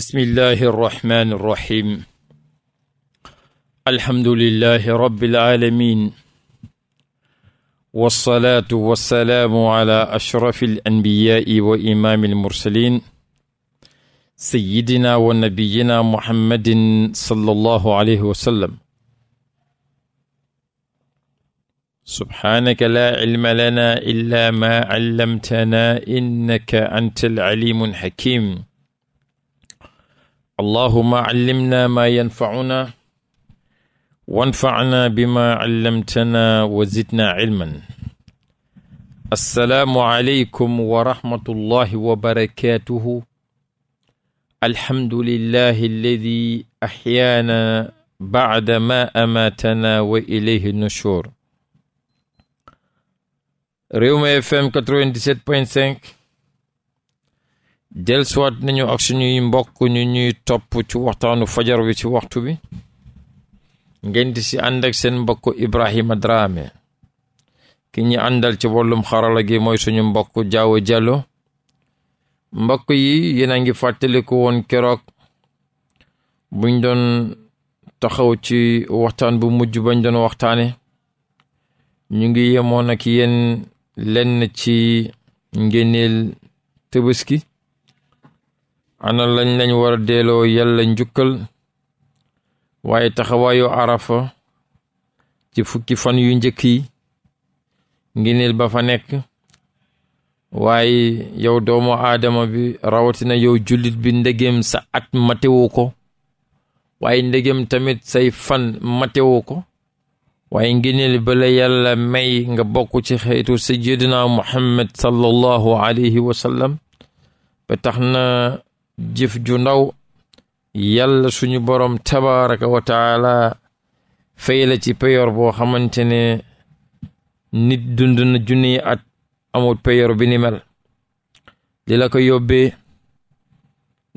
bismillahi irrahmani irrahim alhamdulilahi rabiilalamin walsalaatu walsalaamu ala ashrafi alanbiyaai wa imaami almursalin sayidina wa nabiyina muhammadin sallallahu alayhi wa sallam subhaanaka laa cilma lanaa illaa maa callamtanaa innaka anta alcaliimu alxakiim allahuma callimna maa yanfacuna wanfacna bimaa callamtana wa zidna cilman assalaamu aleykum wa rahmatullahi wa barakaatuhu alhamdulillahi alladi axyaana bacda ma amaatana wa ilayhi nushur Rewmi FM 97.5 dellusiwaat nañu ak suñuy mbokk ñu ñuy topp ci waxtaanu fajar wi ci waxtu bi ngeen di si ànd ak seen mbokk Ibrahima Drame ki ñi àndal ci wollum xarala gi mooy suñu mbokk Jaawo Jallo mbokk yi yéen a ngi fàttaliku woon keroog buñ doon taxaw ci waxtaan bu mujj bañ doon waxtaane ñu ngi yemoon ak yéen lenn ci ngéneel ki ana lañ lañ war a delloo yàlla njukkal waaye taxawaayu arafa ci fukki fan yu njëkk yi ngineel ba fa nekk waaye yow doomu aadama bi rawatina yow jullit bi ndegem sa at matewu waaye ndegem tamit say fan matewu ko waaye ngeneel bala yàlla may nga bokk ci xeetu sayyidina muhammad sallallahu alayhi wa ba tax na jëf ju ndaw yàlla suñu boroom tabaraka wa fay la ci peyor boo xamante ne nit dund na junniy at amul peyor bi ni mel ko yóbbee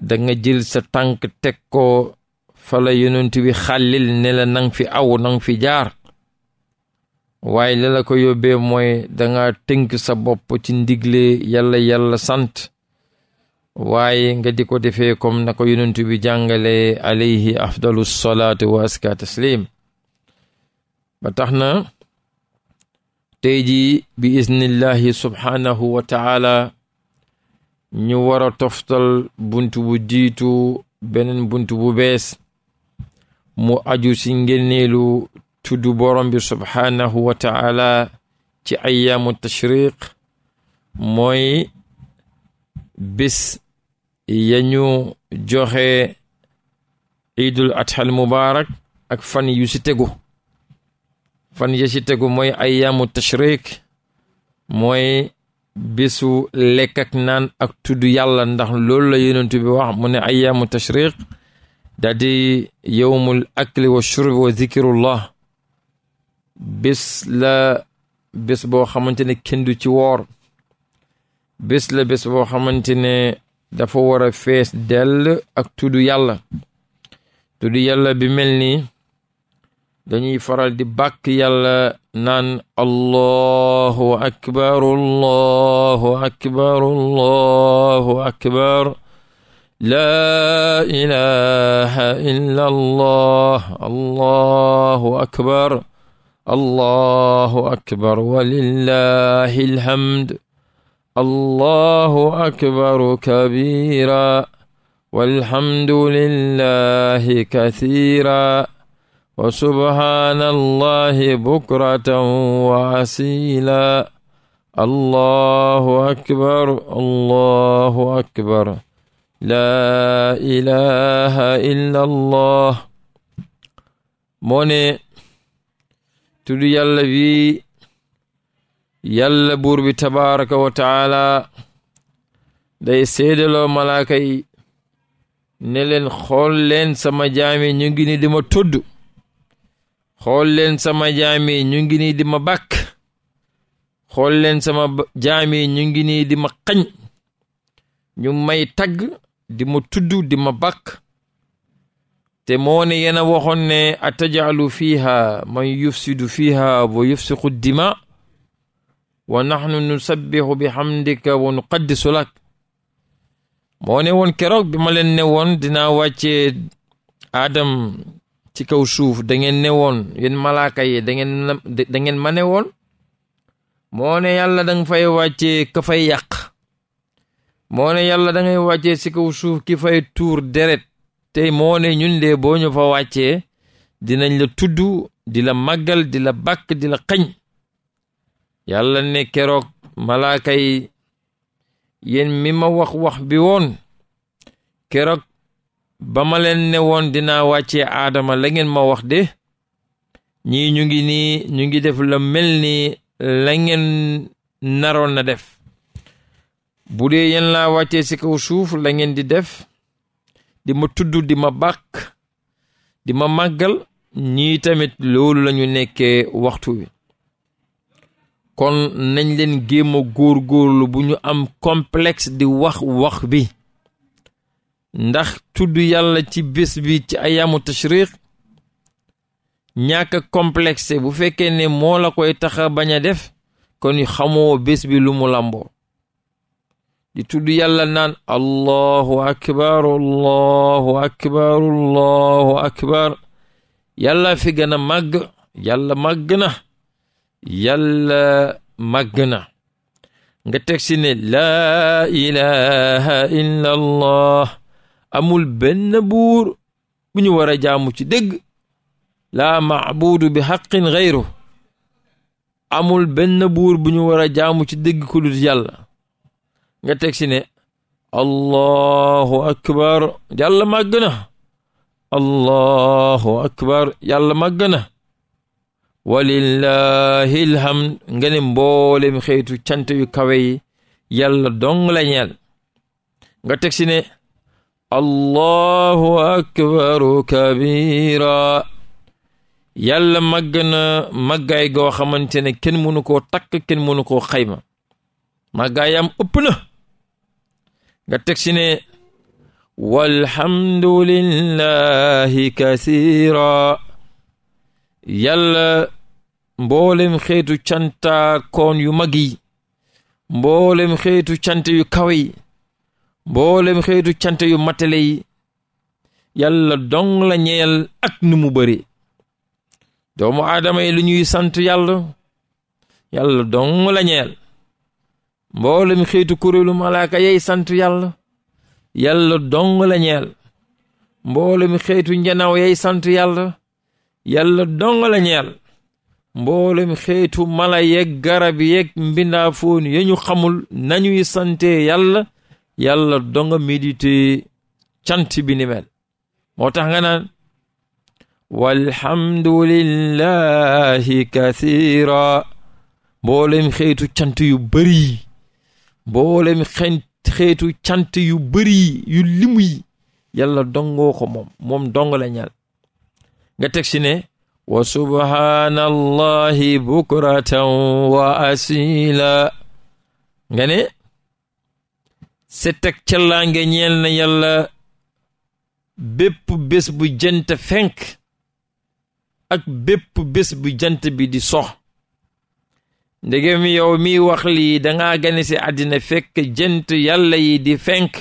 da nga jël sa tànk teg ko fa la yonent bi xàllil ne nang fi aw nang fi jaar waaye li ko yóbbee mooy danga tënk sa bopp ci ndigle yàlla yàlla sant waaye nga di ko defee comme na ko yonent bi jàngalee alayhi afdalu salaatu wa aska taslim ba tax na tey ji bi iznillahi subhaanahu wa taala ñu war a toftal bunt bu jiitu beneen bunt bu bees mu aju ci ngeneelu tuddu borombi bi subhaanahu wa ci ayyaamu tashriq mooy bis ya ñu joxe iidul adhal mubaarak ak fan yu ci tegu fan yu ci tegu mooy ayaamu tashrik mooy bisu lekk ak naan ak tudd yàlla ndax loolu la yonent wax mu ne ayaamu tashriq da di yowmul akli wa shurbi wa zikirullah bés la bés boo xamante ne kenn du ci woor bés la bés boo xamante dafa war a fees dell ak tudd yàlla tudd yàlla bi mel ni dañuy faral di bàkk yàlla naan allahu akbar allahu akbar allahu akbar laa ilaha illa allah allahu akbar allahu akbar walillahi alhamd الله أكبر كبيرا والحمد لله كثيرا وسبحان الله بكرة وأصيلا الله أكبر الله أكبر لا إله إلا الله moo ne tudd yàlla bi yàlla buur bi tabaraka day seedaloo malaaka yi ne leen xool leen sama jaami ñu ngi ni di ma tudd xool leen sama jaami ñu ngi ni di ma bakk xool leen sama jaami ñu ngi ni di ma xañ ñu may tagg di ma tudd di ma bakk te moo ne yéen a waxoon ne atajalu fiiha man yufsidu fiiha wa yufsiqu dima wa nahnu nusabbihu bi hamdika wa nuqaddisu lak moo ne woon keroog bi ma leen ne woon dinaa wàccee aadam ci kaw suuf da ne woon yéen malaaka yi da ngeen da ngeen ma ne woon moo yàlla danga fay wàccee ka fay yàq moo ne yàlla dangay wàccee ci kaw suuf ki fay tuur deret tey moone ne boo ñu fa wàccee dinañ la tudd di la màggal di la bàkk di la xañ yàlla ne keroog malaakay yi mi ma wax wax bi woon keroog ba ma leen ne woon dinaa wàccee aadama la ngeen ma wax de ñii ñu ngi nii ñu ngi def la mel ni la ngeen naroon na def bu dee yéen laa wàccee ci kaw suuf la ngeen di def di ma tudd di ma bàkk di ma màggal ñii tamit loolu lañu nekkee waxtu wi kon nañ leen géem góor góorgóorlu bu ñu am complexe di wax wax bi ndax tudd yàlla ci bés bi ci ayamu tashriq ñàkk complexe bu fekkee ne moo la koy taxa bañ a def kon xamoo bés bi lu mu lamboo di tudd yàlla naan allahu akbar allahu akbar allahu akbar yàlla fi gën a màgg yàlla màgg na yàlla màgg na nga teg si ne laa ilaha illa allah amul benn buur bu ñu war a jaamu ci dëgg laa maabudu bi xaqin xayru amul benn buur bu ñu war a jaamu ci dëgg ku dul nga teg si ne allahu akbar yàlla màgg na allahu akbar yàlla màgg na walillahi lhamd nga ne mboolem xeetu cant yu kawe yi yàlla dong la ñeel nga teg si ne allahu akbaru kabira yàlla màgg na màggaay goo xamante ne kenn mënu koo takk kenn mënu koo xayma màggaayam ëpp na nga teg si ne walhamdulillahi kasira yàlla mboolem xeetu canta yu mag yi mboolem xeetu cant yu kawe yi mboolem xeetu cant yu matale yi yàlla dong la ak nu mu bëri doomu aadama yi lu ñuy sant yàlla yàlla dong la ñeyal mboolem xeetu kuréelu malaaka yey santu yàlla yàlla dong la ñeyal mboolem xeetu njanaw yey sant yàlla yàlla donga la ñeel mboolem xeetu mala yeeg garab yeeg mbindaafoon ya ñu xamul nañuy sante yàlla yàlla donga médité cant bi moo tax nga naan walhamdulillahi kathira mboolem xeetu cant yu bëri xeetu cant yu bëri yu limu yi yàlla dongoo ko moom moom dong la ñeel nga teg si ne wa subhaanallahi bukratan wa asila nga ne set ak callaange ñeel na yàlla bépp bés bu jant fenk ak bépp bés bu bi di sox ndegem yow mi wax lii dangaa gane si àddina fekk jant yàlla yi di fenk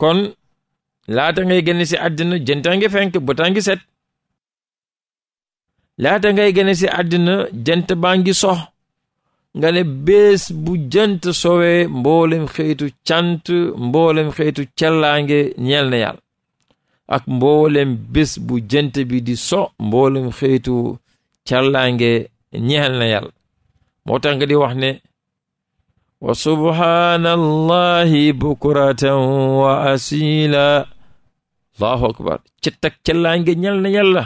kon laata ngay génn ci àddina jëntaa ngi fenk bëtaa ngi set laata ngay génn ci àddina jant baa ngi sox nga ne bés bu jant sowee mboolem xeetu cant mboolem xeetu cellaange ñeel na yàlla ak mboolem bés bu jant bi di so mboolem xeetu cellaange ñeel na yàlla moo tax nga di wax ne wa subhaanallahi bukratan wa asila allahu akbar cettak cellaange ñal na yàlla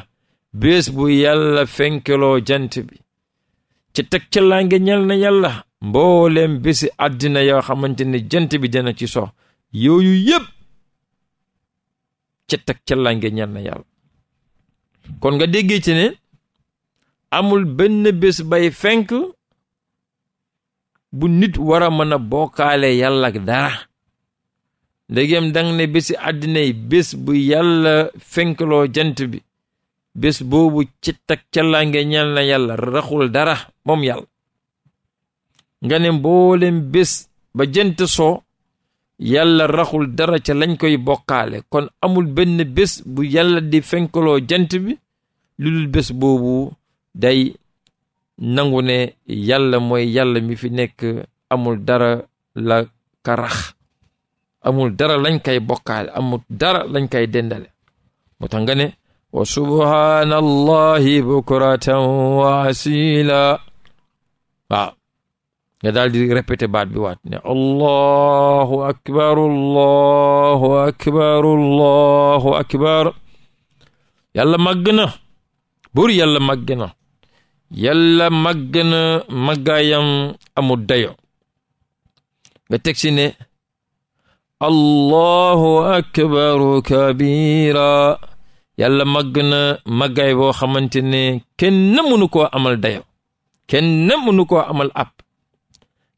bés bu yàlla fenkeloo jant bi cettak cellaange ñal na yàlla mboolem bési àddina yoo xamante ne jant bi dana ci sox yooyu yëpp cettak cellaange ñal na kon nga déggee amul benn bés fenk bu nit war a mën a bokkaale yàlla ak dara ndegem dang ne bési àddina bés bu yàlla fenkloo jant bi bés boobu ci tak càllaange ñal yàlla raxul dara moom yàlla ngane ne mboolem bés ba jant soo yàlla raxul dara ca lañ koy bokkaale kon amul benn bés bu yàlla di fenkloo jant bi lu dul bés boobu day nangu ne yàlla mooy yàlla mi fi nekk amul dara la karax amul dara lañ koy bokkaale amul dara lañ koy dendale moo tax nga ne wa subhaanallahi bukratan wa asila nga daal di répété baat bi waat ne allahu akbar allahu akbar allahu akbar yàlla màgg na buur màgg na yàlla màgg na màggaayam amul dayo nga teg si ne allahu akbaru kabira yàlla màgg na màggaay boo xamante ne kenn mënu koo amal dayo kenn mënu koo amal ab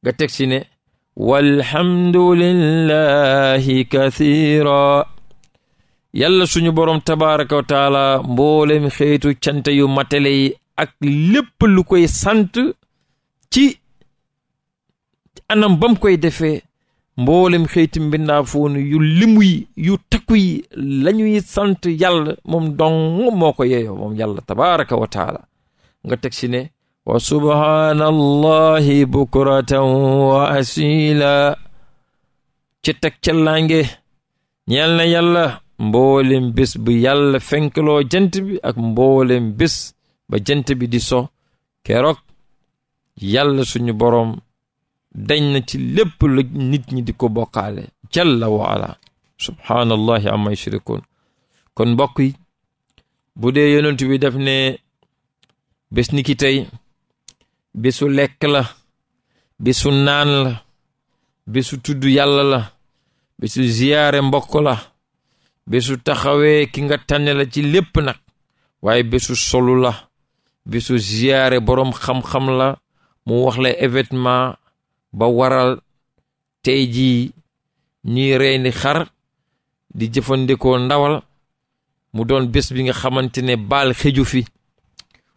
nga teg si ne walhamdulillahi kathira yàlla suñu borom tabaraka wa taala mboolem xeetu cant yu matale ak lépp lu koy sant ci anam bam koy defe mboolem xëyti mbindaafoon yu limu yi yu takku yi sant yàlla moom dong moo ko moom yàlla tabaraka wa nga teg si ne wa subhaanallahi bukratan wa asila ci teg ca lange ñeel na yàlla mboolem bés bu yàlla fenkloo jant bi ak mboolem bés ba jant bi di so keroog yàlla suñu boroom dañ na ci lépp la nit ñi di ko bokkaale jalla wa ala subhaanallahi amma yushrikun kon mbokk yi bu dee yonent bi def ne bés ni ki tey bésu lekk la bésu naan la bésu tudd yàlla la bésu ziyaare mbokk la bésu taxawee ki nga tànne la ci lépp nag waaye bésu solu la bisu ziyaare boroom xam-xam la mu wax la événement ba waral tey ji ñuy reeni xar di jëfandikoo ndawal mu doon bés bi nga xamante ne baal xeju fi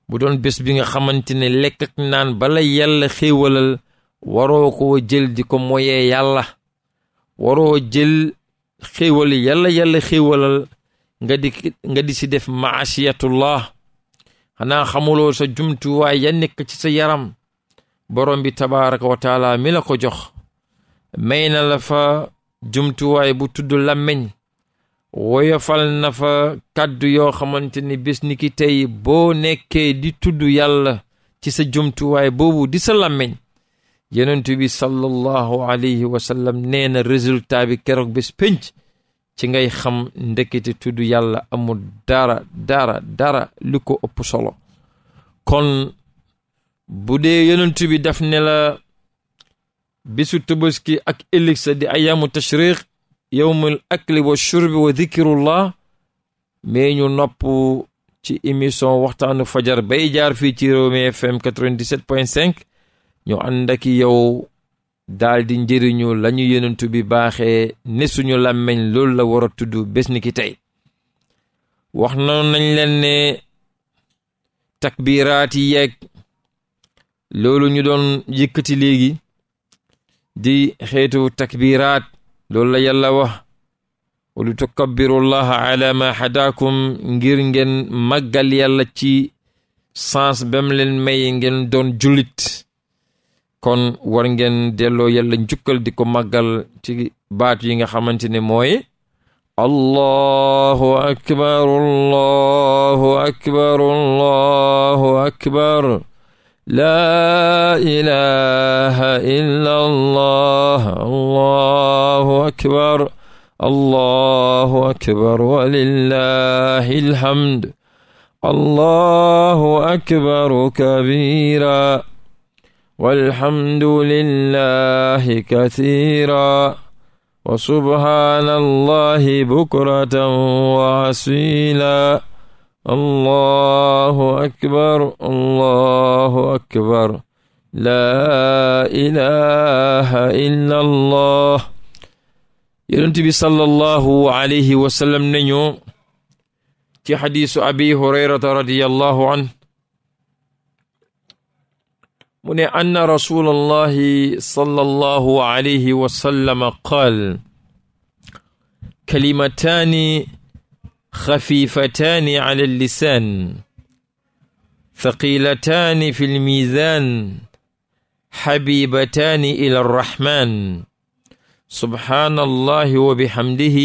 mu doon bés bi nga xamante ne lekk ak naan bala yàlla xéewalal waroo koo jël di ko moyee yàlla waroo jël xéewal yàlla yàlla xéewalal nga di si def maasiyatullah xanaa xamuloo sa jumtuwaay ya nekk ci sa yaram borom bi tabaraka wa taala mi la ko jox may na la fa jumtuwaay bu tudd làmmiñ woyofal na fa kàddu yoo xamante ni bés ni tey boo nekkee di tudd yàlla ci sa jumtuwaay boobu di sa lammiñ yonent bi sallallahu alayhi wa sallam nee résultat bi keroog bés ci ngay xam ndekete tudd yàlla amul dara dara dara li ko ëpp solo kon bu dee yonent bi daf ne la bisu tabaski ak ëllëg sa di ayaamu tashriq yowmul akli wa shurbi wa dikrullah mais ñu nopp ci émission waxtaanu fajar bay jaar fii ci Rewmi FM 97.5 ñu ànd ak yow daldi njëriñu lañu yenentu bi baaxe ne suñu làmmeñ loolu la war a tudd bés ni tey wax na nañ leen ne takbiraat yi loolu ñu doon yëkkati léegi di xeetu takbiraat loolu la yàlla wax walu tukabbiru llaha ala ma hadaakum ngir ngeen màggal yàlla ci sens bam leen may ngeen doon julit kon war ngeen delloo yàlla njukkal di ko màggal ci baat yi nga xamante ne mooy allahu akbar allahu akbar allahu allah akbar walillahi alhamd allahu akbar kabira والحمد لله كثيرا وسبحان الله بكرة وأصيلا الله أكبر الله أكبر لا إله إلا الله yonent bi sallallahu alayhi wa sallam nañu ci xadiisu abi hurayrata radiyallahu anhu mu ne anna rasulallahi sallallahu alayhi wa sallama qaal kalimataani xafiifataani ala lisaan ثقيلتان في الميزان حبيبتان إلى الرحمن سبحان الله وبحمده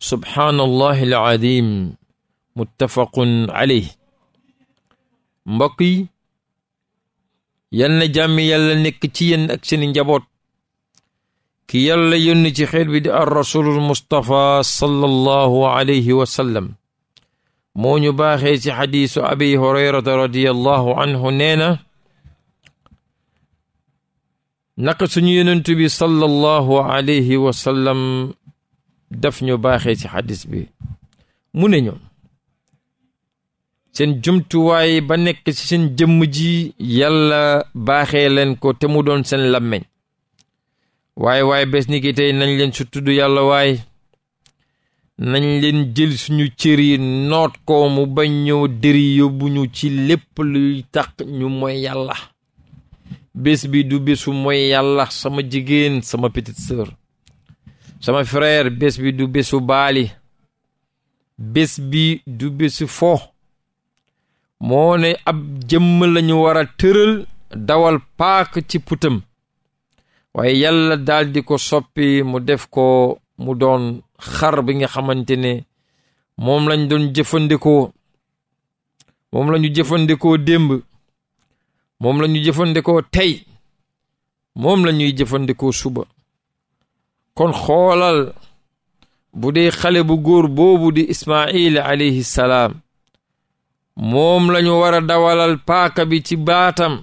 سبحان الله العظيم متفق عليه mbokk yi yal na jàmmi yàlla nekk ci yéen ak seeni njaboot ki yàlla yónni ci xeet bi di ar rasulul mustapha sallallahu alayhi wa moo ñu baaxee ci xadiisu abi hurayrata radiallahu anhu nee na naka suñu yonent bi sallallahu alayhi wa sallam daf ñu baaxee ci xadis bi mu ne ñoom seen jumtuwaay ba nekk ci seen jëmm ji yàlla baaxee leen ko te mu doon seen làmmiñ waaye waaye bés ni ki nañ leen su tudd yàlla waay nañ leen jël suñu cër noot ko mu bañ ñëw dëri yóbbu ñu ci lépp luy tax ñu mooy yàlla bés bi du bésu moy yàlla sama jigéen sama petite sœur sama frère bés bi du bésu baali bés bi du bésu fo moo ab jëmm lañu war a tëral dawal paak ci putam waaye yàlla daldi ko soppi mu def ko mu doon xar bi nga xamante ne moom lañ doon jëfandikoo moom lañu jëfandikoo démb moom lañu jëfandikoo tey moom lañuy jëfandikoo suba kon xoolal bu dee xale bu góor boobu di Ismaayil alayhi salaam moom lañu war a dawalal paaka bi ci baatam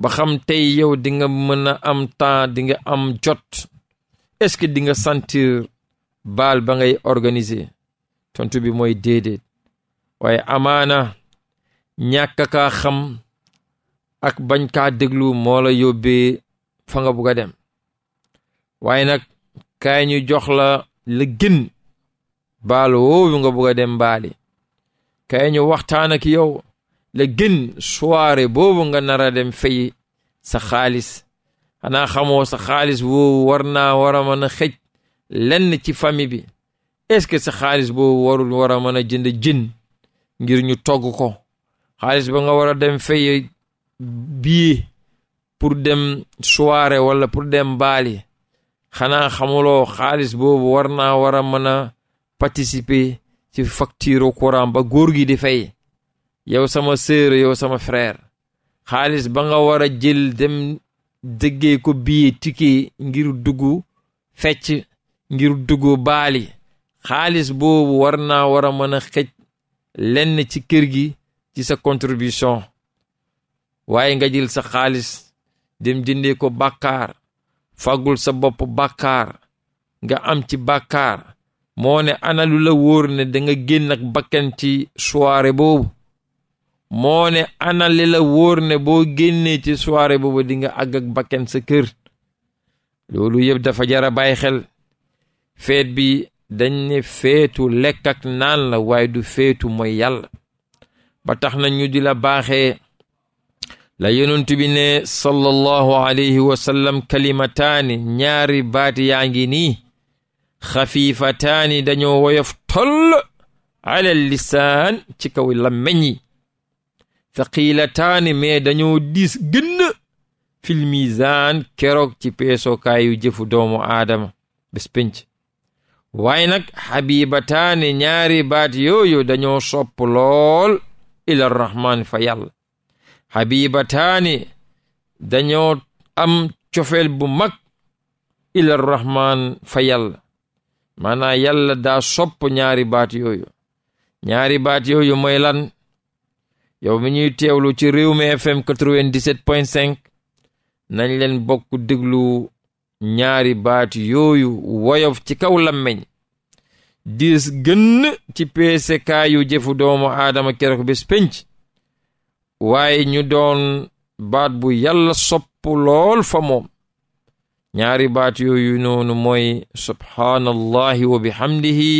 ba xam tey yow dinga mën a am temps dinga am jot est-ce que di nga sentir baal ba ngay organiser tontu bi mooy déedéet waaye amaana ñàkk kaa xam ak bañ kaa déglu moo yóbbe fa nga bugg a dem waaye nag kaay ñu jox la la gën baal woowu nga bugg a dem baali kaye ñu waxtaan ak yow la gën soirée boobu nga nar a dem fay sa xaalis xanaa xamoo sa xaalis boobu war naa war a mën a xëj lenn ci famille bi est-ce que sa xaalis boobu warul war a mën a jënd jën ngir ñu togg ko xaalis ba nga war a dem fay bii pour dem soirée wala pour dem baali xanaa xamuloo xaalis boobu war naa war a mën a participer ci facture courant ba góor gi di fay yow sama sœur yow sama frère xaalis ba nga war a jël dem déggee ko biye tike ngir dugg fecc ngir dugg baali xaalis boobu war naa war a mën a xëj lenn ci kër gi ci sa contribution waaye nga jël sa xaalis dem jëndee ko bàkkaar fàggul sa bopp bàkkaar nga am ci bàkkaar moo ne ana lu la wóor ne da nga génn ak bakkan ci soirée boobu ana li la wóor ne boo génnee ci soirée boobu di nga àgg ak bakkan sa kër loolu yëpp dafa jara bàyyi xel feet bi dañ ne feetu lekk ak naan la waay du feetu mooy yàlla ba tax na ñu di la baaxe la yonent bi ne sallallahu alayhi wa kalimataani ñaari baati yaa ngi nii xafiifataani dañoo woyof toll ala lisaan ci kaw lammeñ yi thaqiilataani mais dañoo diis gënn fil misaan keroog ci peesokaayu jëfu doomu aadama bés penc waaye nag xabibataani ñaari baat yooyu dañoo sopp lool ila rahmaan fa yàlla xabibataani dañoo am cofeel bu mag ila rahmaan fa yàlla maanaam yàlla daa sopp ñaari baat yooyu ñaari baat yooyu mooy lan yow mi ñuy teewlu ci réew mi fm 97.5 nañ leen bokk déglu ñaari baat yooyu woyof ci kaw lammiñ diis gënn ci peesekaayu jëfu doomu aadama keroog bés penc waaye ñu doon baat bu yàlla sopp lool fa moom ñaari baat yooyu noonu mooy subhaanallahi wa bihamdihi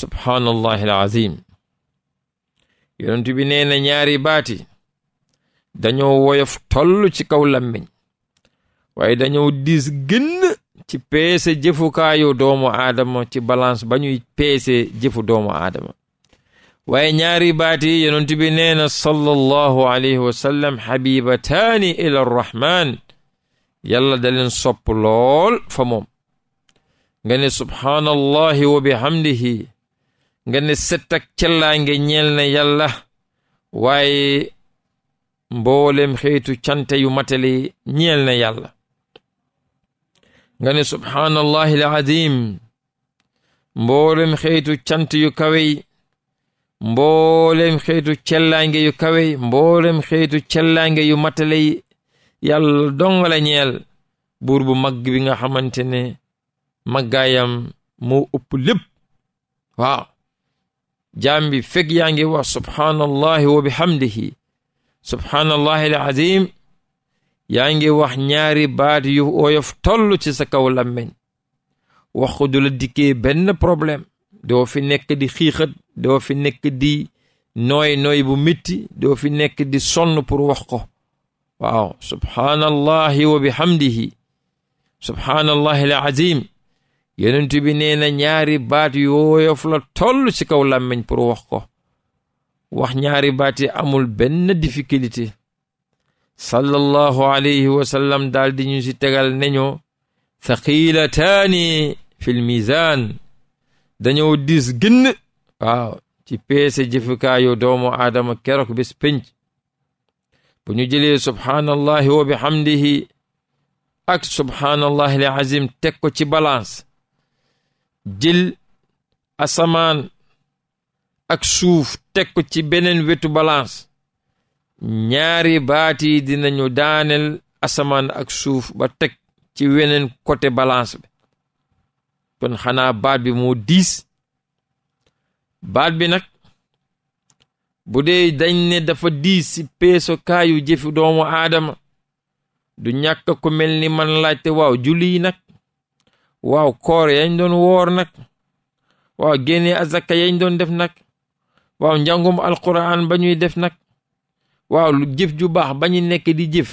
subhaanallahi alazim yonent bi nee na ñaari baati dañoo woyof toll ci kaw lammiñ waaye dañoo diis gënn ci peese jëfukaayu doomu aadama ci balance ba ñuy peese jëfu doomu aadama waaye ñaari baati yonent bi nee na sallallahu alayhi wa sallam habibataani ila yàlla da leen sopp lool fa moom nga ne subhaanallahi wa bihamdihi nga ne cellaange ñeel na yàlla waaye mboolem xeetu cante yu matali ñeel na yàlla nga ne subhaanallahi alazim mboolem xeetu cant yu kawey mboolem xeetu cellaange yu kawey mboolem xeetu cellaange yu matali yàlla donga ñeel buur bu magg bi nga xamante ne màggaayam moo ëpp lépp waaw jaam bi fekk yaa ngi wax subhaanallahi wa bihamdihi subhaanallahi alazim yaa ngi wax ñaari baat yu oyof toll ci sa kaw làmmeñ wax ko du la dikkee benn problème doo fi nekk di xiixat doo fi nekk di nooy nooy bu métti doo fi nekk di sonn pour wax ko waaw subhaanallahi wa bihamdihi subhaanallahi alazim yonent bi nee na ñaari baat yooyof la toll ci kaw làmmiñ pour wax ko wax ñaari baat yi amul benn difficulté sallallahu alayhi wa sallam daal di ñu ci tegal nañu thaqilataani fil mizaan dañoo dis gënn waaw ci peese jëfukaayu doomu aadama keroog bés pénc bu ñu jëlee subhaanallahi bi bihamdihi ak subhaanallahi al azim teg ko ci balance jil asamaan ak suuf teg ko ci beneen wetu balance ñaari baat yi dinañu daaneel asamaan ak suuf ba teg ci weneen côté balance bi kon xanaa baat bi mu diis baat bi nag bu dee dañ ne dafa diis si peesokaayu jëf doomu aadama du ñàkk ku mel ni man laajte waaw julli yi nag waaw koor yañ doon woor nag waaw génne azaka yañ doon def nag waaw njàngum alquran ba ñuy def nag waaw jëf ju baax ba nekk di jëf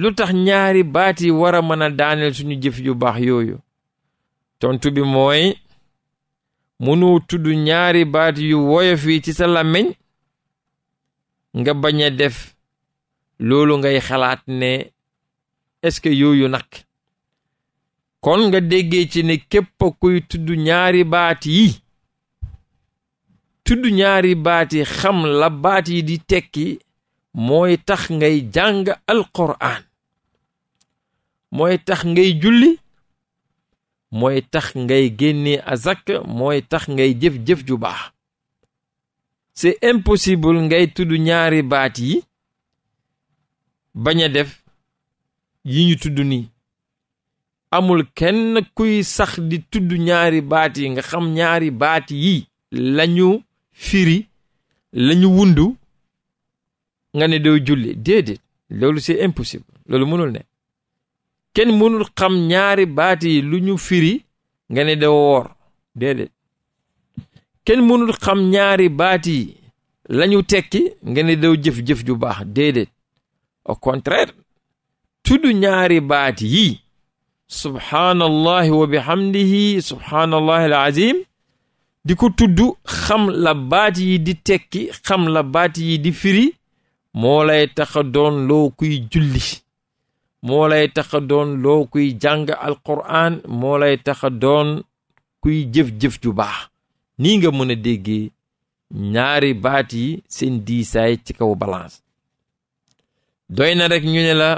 lu tax ñaari baat yi war a mën a daaneel suñu jëf ju baax yooyu tontu bi mooy mënoo tudd ñaari baat yu woyof yi ci sa làmmiñ nga baña def loolu ngay xalaat ne est-ce que yooyu nag kon nga déggee ci ne képp kuy tudd ñaari baat yi tudd ñaari baat xam la baat yi di tekki mooy tax ngay jàng alquraan mooy tax ngay julli mooy tax ngay génnee azak mooy tax ngay jëf-jëf ju baax c'est impossible ngay tuddu ñaari baat yi bañ a def yi ñu tudd nii amul kenn kuy sax di tuddu ñaari baat yi nga xam ñaari baat yi lañu firi lañu wundu nga ne doo julli déedéet loolu c'est impossible loolu mënul ne kenn mënul xam ñaari baat yi firi nga ne woor kenn mënul xam ñaari baat lañu tekki nga ne daw jëf-jëf ju baax déedéet au contraire tudd ñaari baat yi subhaanallahi wa bihamdihi subhaanallahi alazim di ko tudd xam la baat yi di tekki xam la baat yi di firi moo lay tax doon loo julli moo lay doon loo kuy jàng alquran moo taxa doon kuy jëf-jëf ju baax nii nga mën a déggee ñaari baat yi seen diisaay ci kaw balance doy na rek ñu ne la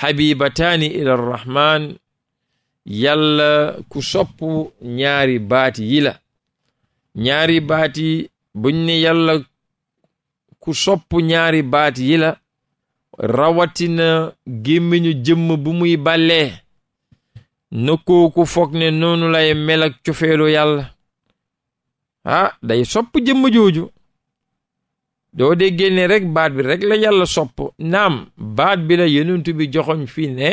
xabibataani ila rahman yàlla ku sopp ñaari baat yi la ñaari baat buñ ne yàlla ku sopp ñaari baat yi rawatina gémmiñu jëmm bu muy bàllee na kooku foog ne noonu lay mel ak cofeelu yàlla ah day sopp jëmm jooju doo dee génne rek baat bi rekk la yàlla sopp naam baat bi la yonent bi joxoñ fi ne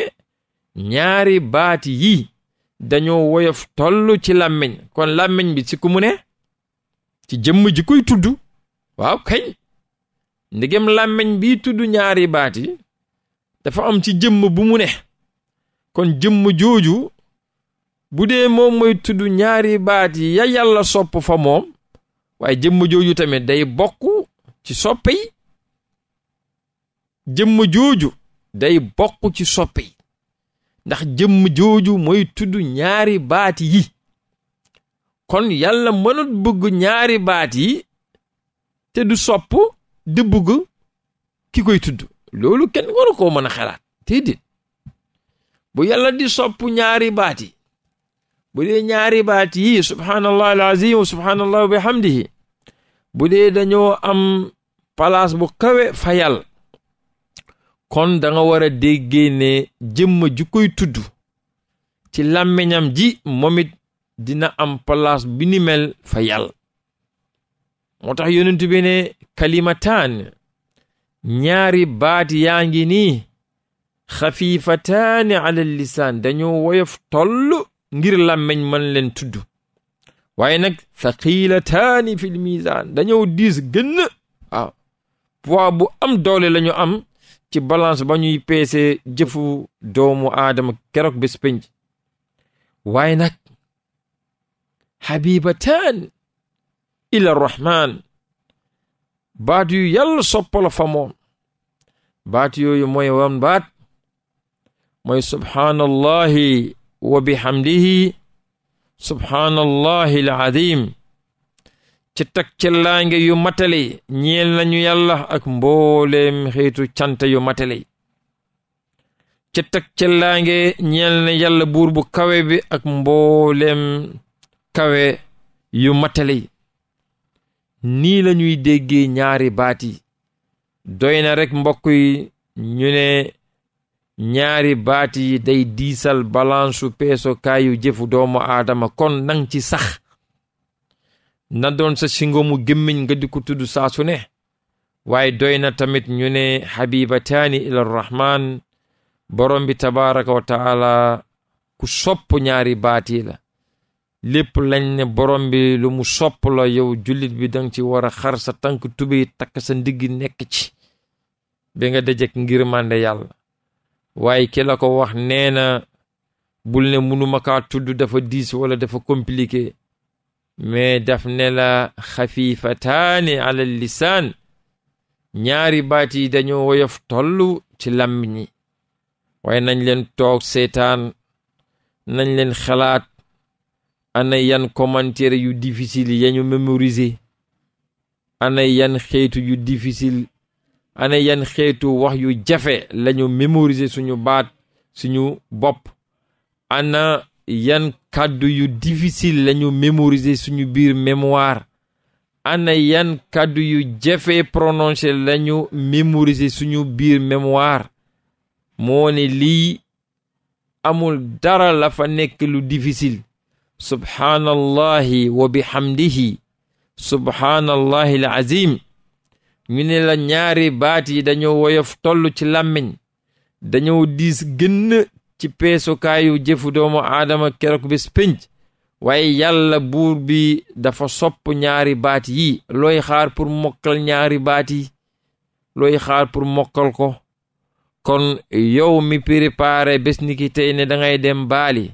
ñaari baat yi dañoo woyaf toll ci làmmiñ kon làmmiñ bi ci ku ne ci jëmm ji koy tudd waaw kay ndegem làmmiñ bii tuddu ñaari baat yi dafa am ci jëmm bu mu ne kon jëmm jooju bu dee moom moy tuddu ñaari baat yi ya yàlla sopp fa moom waaye jëmm jooju tamit day bokk ci soppe jëmm jooju day bokk ci soppi ndax jëmm jooju mooy tudd ñaari baat yi kon yàlla mënut bëgg ñaari baat yi te du sopp di bugg ki koy tudd loolu kenn waru koo mën a xalaat déedéet bu yàlla di soppu ñaari baat yi bu dee ñaari baat yi subhanallah alazim wa subhanallah bi hamdihi bu dee dañoo am palaas bu kawe fa yàlla kon da nga war a déggee ne jëmm ju koy tudd ci làmmiñam ji moom dina am palaas bi ni fa yàlla moo tax yonent bi ne kalimataan ñaari baat yaa ngi nii xafiifataani ala lisaan dañoo woyof toll ngir làmmeñ mën leen tudd waaye nag thaqilataani fil dañoo diis gënn waaw bu am doole lañu am ci balance ba ñuy peese jëfu doomu aadama keroog bés pénc waaye ila rahman baat yu yàlla soppala fa moom baat yooyu mooy wan baat mooy subhaanallahi wa bihamdihi subhaanallahi alazim ci tag ci laange yu matale ñeel nañu yàlla ak mbooleem xeetu cant yu matale ci tag ci laange na yàlla buur bu kawe ak mbooleem kawe yu matale nii la ñuy déggee ñaari baat yi doy na rek mbokk yi ñu ne ñaari baat yi day diisal balansu peesokaayu jëfu doomu aadama kon nang ci sax na doon sa singomu gémmiñ nga di ko tudd saa su ne waaye doy na tamit ñu ne xabibataani ila rahman borom bi tabaraka wa taala ku sopp ñaari baat yi la lépp lañ ne borom bi lu mu yow jullit bi danga ci war a xar sa tànk tubéy takk sa ndigg nekk ci bi nga dajek ngir mànde yàlla waaye ki la ko wax nee na bul ne munuma kaa tudd dafa diis wala dafa compliqué mais daf ne la xafifataani ala lisaan ñaari baat yi dañoo woyof toll ci làmmiñ ñi waaye nañ leen toog seetaan nañ leen xalaat ana yan commentaire yu difficile yañu mémoriser ana yan xeetu yu difficile yan xeetu wax yu jafe lañu mémoriser suñu baat suñu bopp ana yan kàddu yu difficile lañu mémoriser suñu biir mémoire ana yan kàddu yu jafe prononcé lañu mémoriser suñu biir mémoire moo lii amul dara la fa nekk lu difficile subhaanallahi wa bihamdihi subhaanallahi al azim ñu ne la ñaari baat yi dañoo woyof toll ci làmmiñ dañoo diis gënn ci peesukaayu jëfu doomu aadama kerok bis pénc waaye yàlla buur bi dafa sopp ñaari baat yi looy xaar pour mokkal ñaari baat yi looy xaar pour mokkal ko kon yow mi préparé bés ne dangay dem baali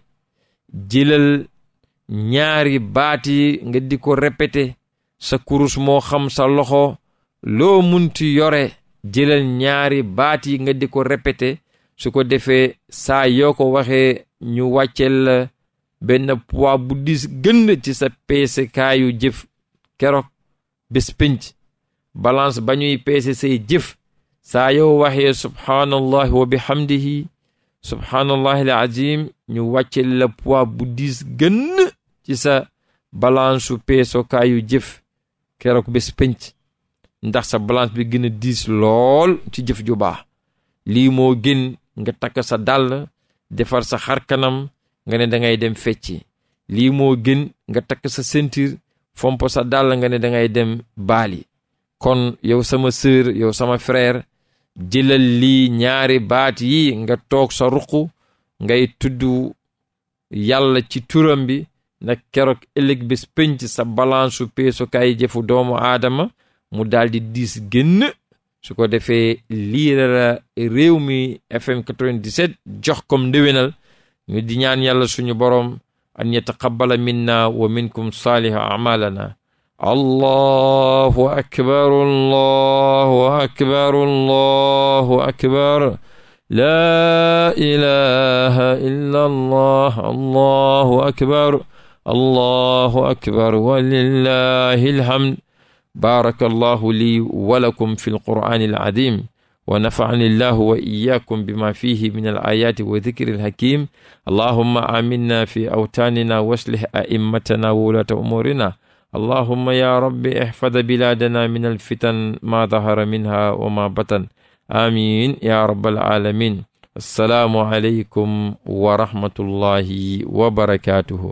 jilal ñaari baat nga di ko répété sa kurus moo xam sa loxo loo munti yore jëlal ñaari baat yi nga di ko répété su ko defee saa yoo ko waxee ñu wàccel benn poids bu dis gënd ci sa peesekaayu jëf keroog bés pénc balance ba ñuy peese say jëf saa yow waxee subhaanallahi wa bihamdihi subhaanallahi al azim ñu wàccel la poids bu dis gënn ci sa balansu peesokaayu jëf keroog bés pënc ndax sa balance bi gën a diis lool ci jëf ju baax lii moo gën nga takk sa dàll defar sa xar kanam nga ne dangay dem fecci lii moo gën nga takk sa ceinture fomp sa dàll nga ne dangay ngay dem baali kon yow sama sœur yow sama frère jëlal lii ñaari baat yi nga toog sa ruq ngay tudd yàlla ci turam bi na keroog ëllëg bés pénc sa balansu peesukaay jëfu doomu aadama mu daal di diis génn su ko defee lii la la réew mi fm 97 jox kom ndéwénal ñu di ñaan yàlla suñu boroom an yataqabbala minna wa minkum saaliha amalana allahu akbar allahu akbar allahu akbar laa ilaha illa allah allahu akbar allahu akbar walillahi alhamd baarakallahu lii walakum fi alqur'ani alazim wa nafa'ani allahu wa iyyakum bima fihi min alayati wa dhikri alhakim allahumma aminna fi awtanina waslih a'immatana wa wulata umurina allahumma ya rabbi ihfad biladana min alfitan ma dahara minha wa ma batan amin ya rabbal alamin assalaamu aleykum wa rahmatullahi wa barakatuhu